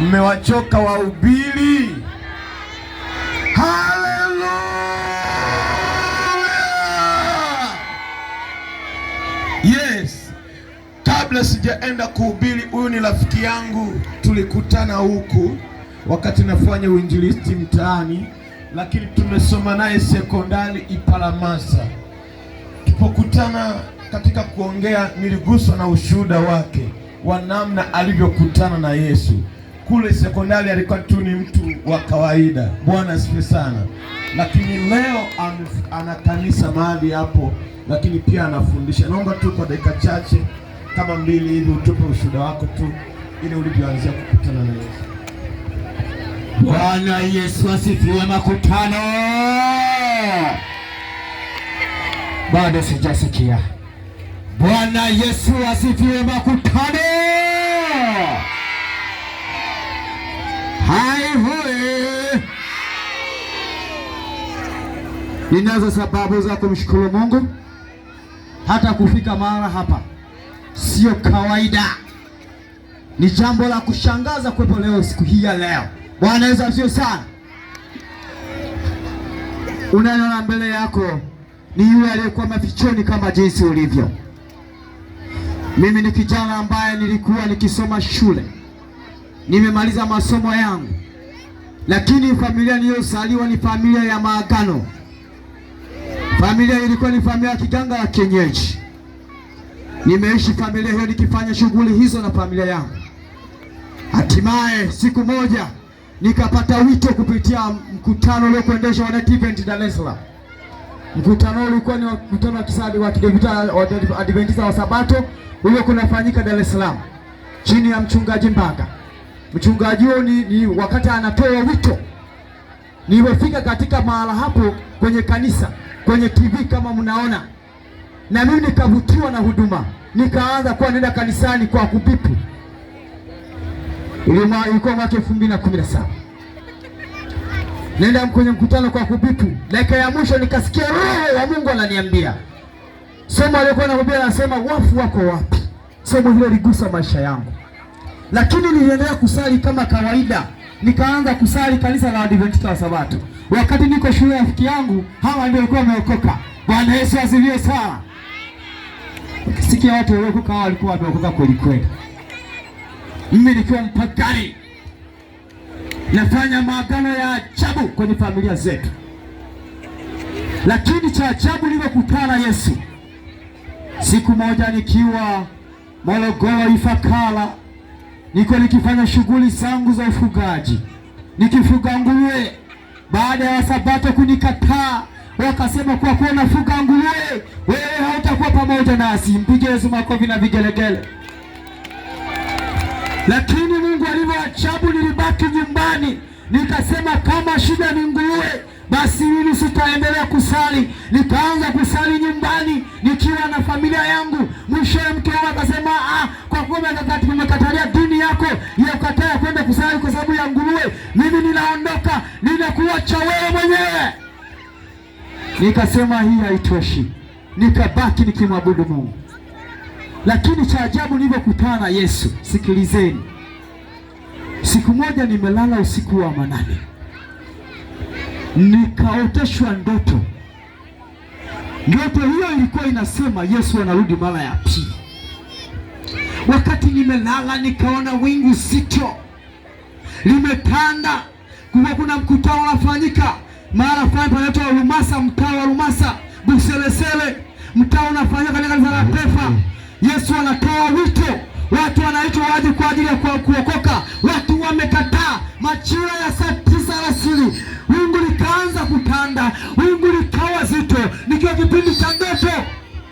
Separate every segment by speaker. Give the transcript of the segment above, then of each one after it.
Speaker 1: mmewachoka wahubiri. Yes, kabla sijaenda kuhubiri, huyu ni rafiki yangu, tulikutana huku wakati nafanya uinjilisti mtaani, lakini tumesoma naye sekondari Iparamasa. Tupokutana katika kuongea, niliguswa na ushuhuda wake wa namna alivyokutana na Yesu kule sekondari alikuwa tu ni mtu wa kawaida. Bwana asifiwe sana, lakini leo ana kanisa mahali hapo, lakini pia anafundisha. Naomba tu kwa dakika chache kama mbili hivi utupe ushuhuda wako tu ili ulivyoanzia kukutana na Yesu. Bwana Yesu asifiwe. Makutano bado sijasikia. Bwana Yesu asifiwe. Makutano Ninazo sababu za kumshukuru Mungu. Hata kufika mara hapa sio kawaida, ni jambo la kushangaza kuwepo leo, siku hii ya leo. Bwana Yesu asifiwe sana. Unayeona mbele yako ni yule aliyekuwa mafichoni kama jinsi ulivyo. Mimi ni kijana ambaye nilikuwa nikisoma shule, nimemaliza masomo yangu, lakini familia niliyozaliwa ni familia ya maagano Familia ilikuwa ni familia ya kiganga ya kienyeji. Nimeishi familia hiyo nikifanya shughuli hizo na familia yangu. Hatimaye siku moja nikapata wito kupitia mkutano uliokuendeshwa wa Net Event Dar es Salaam. Mkutano ulikuwa ni mkutano wa kisadi wa Adventista wa Sabato uliokuwa kunafanyika Dar es Salaam chini ya mchungaji Mbaga. Mchungaji huyo ni, ni wakati anatoa wito, niwefika katika mahala hapo kwenye kanisa kwenye TV kama mnaona, na mimi nikavutiwa na huduma, nikaanza kuwa nenda kanisani kwa kupipi. Ilikuwa mwaka elfu mbili na kumi na saba nenda kwenye mkutano kwa kupipi, Dakika ya mwisho nikasikia roho ya Mungu ananiambia somo aliyokuwa anahubiri, anasema wafu wako wapi? Somo hilo ligusa maisha yangu, lakini niliendelea kusali kama kawaida, nikaanza kusali kanisa la Adventista wa Sabato. Wakati niko shule, rafiki yangu hawa ndio walikuwa wameokoka. Bwana Yesu asifiwe sana. Sikia watu waliokoka, hawa walikuwa wameokoka kweli kweli. Mimi nikiwa mpagani nafanya maagano ya ajabu kwenye familia zetu, lakini cha ajabu nilipokutana Yesu siku moja nikiwa Morogoro Ifakara, niko nikifanya shughuli zangu za ufugaji, nikifuga nguruwe baada ya Sabato kunikataa wakasema, kwa kuwa unafuga nguruwe, wewe hautakuwa pamoja nasi. Mpige Yesu makofi na vigelegele. Lakini Mungu alivyoachabu, nilibaki nyumbani nikasema, kama shida ni nguruwe basi mimi sitaendelea kusali. Nikaanza kusali nyumbani nikiwa na familia yangu. Mwishowe mke wangu akasema, ah, kwa kuwa umekatalia dini yako yakataa kwenda kusali kitakuwa cha wewe mwenyewe. Nikasema hii haitoshi, nikabaki nikimwabudu Mungu. Lakini cha ajabu nilivyokutana Yesu, sikilizeni. Siku moja nimelala usiku wa manane, nikaoteshwa ndoto. Ndoto hiyo ilikuwa inasema Yesu anarudi mara ya pili. Wakati nimelala, nikaona wingu zito limetanda kuna mkutano unafanyika mahali fulani panaitwa Lumasa, mtaa wa Lumasa Buselesele, mtaa unafanyika katika kanisa la Pefa. Yesu anatoa wito, watu wanaitwa waje kwa ajili ya kuokoka. Watu wamekataa. machira ya saa tisa alasiri wingu likaanza kutanda, wingu likawa zito, nikiwa kipindi cha ndoto.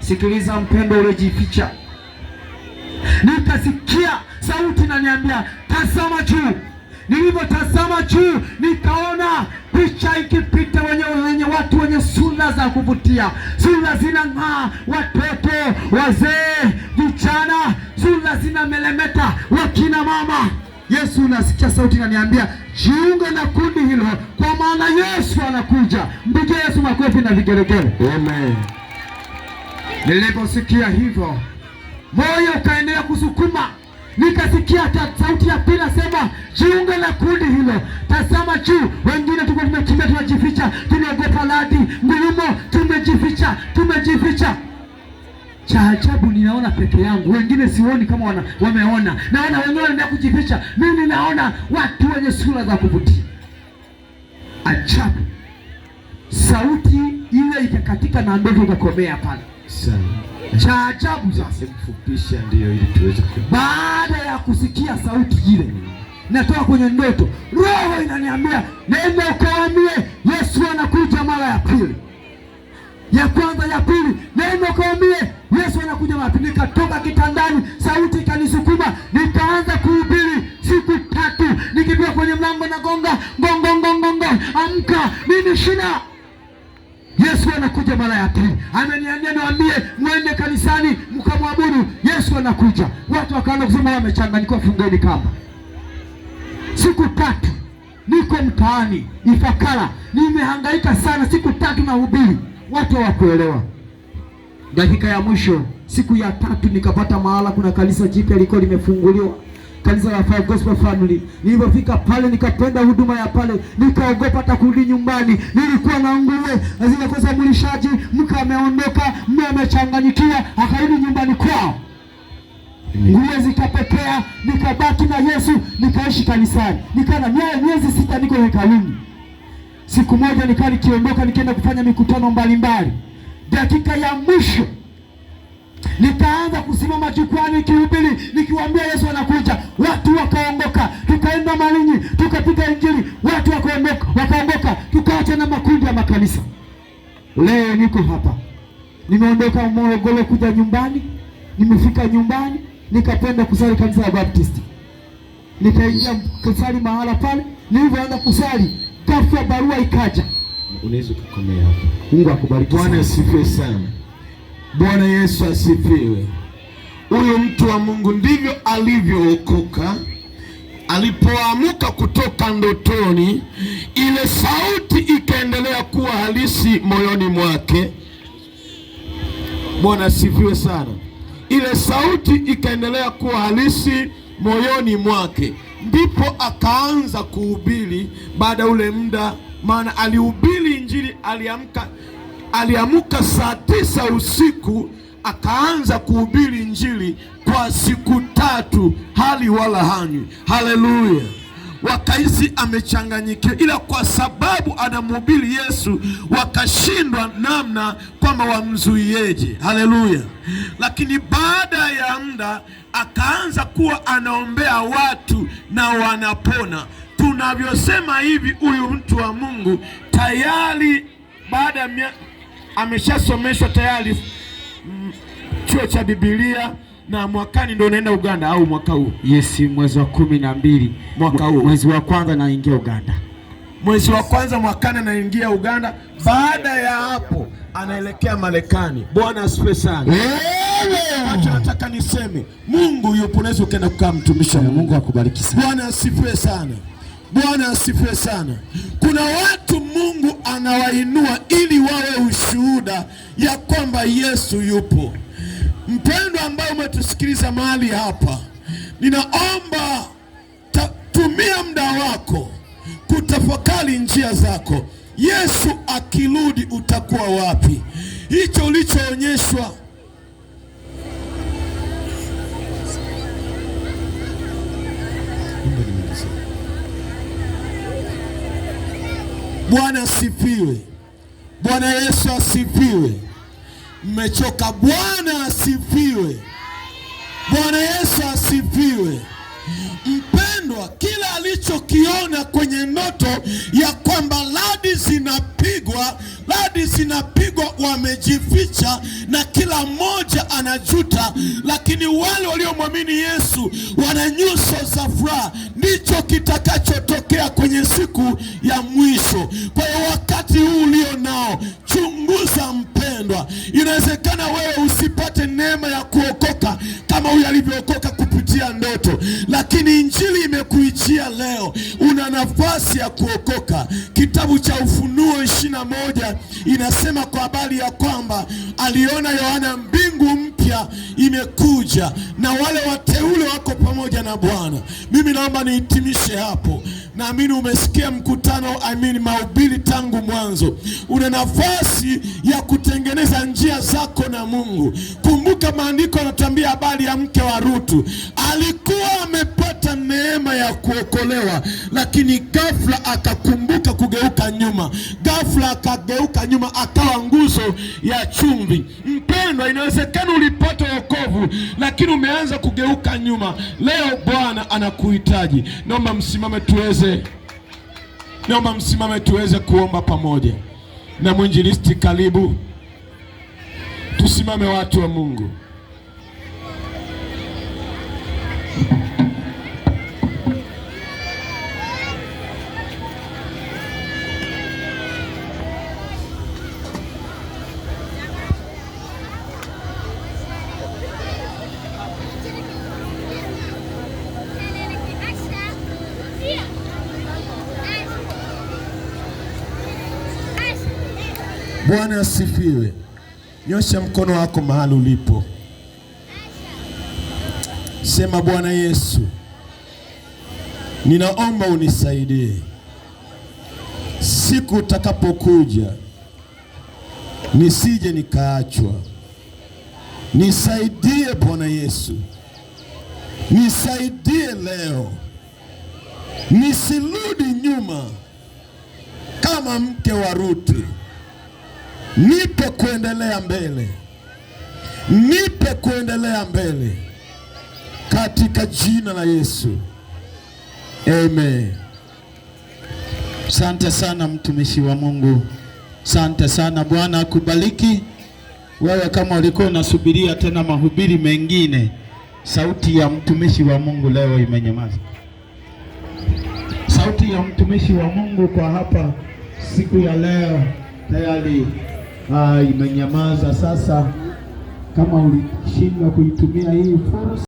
Speaker 1: Sikiliza mpendo uliojificha, nikasikia sauti naniambia, tazama juu Nilivyotazama juu nikaona picha ikipita wenye watu wenye sura za kuvutia, sura zinang'aa, watoto, wazee, vijana, sura zinamelemeta, wakina mama. Yesu, nasikia sauti naniambia, jiunge na kundi hilo, kwa maana Yesu anakuja. Mpigie Yesu makofi na vigelegele. Amen. Niliposikia hivyo, moyo ukaendelea kusukuma, nikasikia hata sauti ya pili nasema Jiunge na kundi hilo. Tazama juu, wengine tuko tumekimbia, tunajificha, tunaogopa radi, ngurumo, tumejificha, tumejificha. Cha ajabu ninaona peke yangu, wengine sioni kama wana, wameona. Naona wengine wanaenda kujificha, mimi ninaona watu wenye sura za kuvutia. Ajabu, sauti ile ikakatika na ndoto ikakomea pale. Cha ajabu sasa, baada ya kusikia sauti ile natoka kwenye ndoto, roho inaniambia nenda ukaamie, Yesu anakuja mara ya pili, ya kwanza, ya pili, nenda ukaamie, Yesu anakuja mara ya pili. Nikatoka kitandani, sauti ikanisukuma, nikaanza kuhubiri siku tatu, nikipiga kwenye mlango na gonga gongongongongo, amka, mimi shina Yesu anakuja mara ya pili, ameniambia niwaambie mwende kanisani mkamwabudu. Yesu anakuja. Watu wakaanza kusema wamechanganyikiwa, fungeni kamba siku tatu niko mtaani Ifakara, nimehangaika sana siku tatu na hubiri, watu hawakuelewa. Dakika ya mwisho, siku ya tatu, nikapata mahala kuna kanisa jipya liko limefunguliwa, kanisa la Fire Gospel Family. Nilipofika pale, nikapenda huduma ya pale, nikaogopa hata kurudi nyumbani. Nilikuwa na nguruwe kosa. mlishaji, mke ameondoka, mume amechanganyikiwa, akarudi nyumbani kwao nguo zikapotea, nikabaki na Yesu, nikaishi kanisani, nikana naye miezi sita, niko hekaluni. Siku moja nikaa nikiondoka, nikienda kufanya mikutano mbalimbali, dakika ya mwisho nikaanza kusimama jukwani kihubiri, nikiwaambia Yesu anakuja, watu wakaondoka tukaenda Malinyi, tukapiga Injili, watu wakaondoka wakaondoka, tukaacha na makundi ya makanisa. Leo niko hapa, nimeondoka Morogoro kuja nyumbani, nimefika nyumbani nikapenda kusali kanisa la Baptist, nikaingia kusali mahala pale. Nilipoanza kusali, ghafla barua ikaja. Unaweza kukomea hapo. Mungu akubariki. Bwana asifiwe sana. Bwana Yesu asifiwe. Huyu mtu wa Mungu ndivyo alivyookoka. Alipoamka kutoka ndotoni, ile sauti ikaendelea kuwa halisi moyoni mwake. Bwana asifiwe sana ile sauti ikaendelea kuwa halisi moyoni mwake, ndipo akaanza kuhubiri baada ya ule muda, maana alihubiri Injili. Aliamka, aliamka saa tisa usiku akaanza kuhubiri Injili kwa siku tatu, hali wala hanywi. Haleluya! wakahisi amechanganyikiwa, ila kwa sababu anamhubiri Yesu wakashindwa namna kwamba wamzuieje. Haleluya! Lakini baada ya muda akaanza kuwa anaombea watu na wanapona. Tunavyosema hivi, huyu mtu wa Mungu tayari baada ya ameshasomeshwa tayari mm, chuo cha Biblia na mwakani ndio unaenda Uganda au mwaka huu? Yes, mwezi wa kumi na mbili mwaka huu, mwezi wa kwanza naingia Uganda, mwezi wa kwanza mwakani anaingia Uganda. Baada ya hapo anaelekea Marekani. Bwana asifiwe sana. Nataka niseme Mungu yupo, unaweza ukaenda kukaa mtumishi wa Mungu. Akubariki sana. Bwana asifiwe sana. Bwana asifiwe sana. Kuna watu Mungu anawainua ili wawe ushuhuda ya kwamba Yesu yupo. Mpendo ambaye umetusikiliza mahali hapa, ninaomba tumia muda wako kutafakari njia zako. Yesu akirudi utakuwa wapi? Hicho ulichoonyeshwa Bwana asifiwe. Bwana Yesu asifiwe mmechoka. Bwana asifiwe! Bwana Yesu asifiwe. Mpendwa, kila alichokiona kwenye ndoto ya kwamba radi zinapigwa, radi zinapigwa, wamejificha na kila mmoja anajuta, lakini wale waliomwamini Yesu wana nyuso za furaha. Ndicho kitakachotokea kwenye siku ya mwisho. Kwa hiyo wakati huu Inawezekana wewe usipate neema ya kuokoka kama huyo alivyookoka kupitia ndoto, lakini injili imekuijia leo, una nafasi ya kuokoka. Kitabu cha Ufunuo ishirini na moja inasema kwa habari ya kwamba aliona Yohana mbingu mpya imekuja na wale wateule wako pamoja na Bwana. Mimi naomba nihitimishe hapo. Naamini umesikia mkutano, I mean mahubiri tangu mwanzo. Una nafasi ya kutengeneza njia zako na Mungu. Kumbuka maandiko yanatuambia habari ya mke wa Rutu, alikuwa amepata neema ya kuokolewa, lakini ghafla akakumbuka kugeuka nyuma, ghafla akageuka nyuma, akawa nguzo ya chumvi. Mpendwa, inawezekana vizuri, lakini umeanza kugeuka nyuma. Leo Bwana anakuhitaji. Naomba msimame tuweze, naomba msimame tuweze kuomba pamoja na mwinjilisti. Karibu tusimame, watu wa Mungu. Bwana asifiwe. Nyosha mkono wako mahali ulipo, sema Bwana Yesu, ninaomba unisaidie siku utakapokuja, nisije nikaachwa. Nisaidie Bwana Yesu, nisaidie leo, nisirudi nyuma kama mke wa Ruti. Nipe kuendelea mbele, nipe kuendelea mbele katika jina la Yesu, amen. Sante sana mtumishi wa Mungu, sante sana. Bwana akubariki wewe. Kama ulikuwa unasubiria tena mahubiri mengine, sauti ya mtumishi wa Mungu leo imenyamaza. Sauti ya mtumishi wa Mungu kwa hapa siku ya leo tayari Ah, imenyamaza sasa. Kama ulishindwa kuitumia hii fursa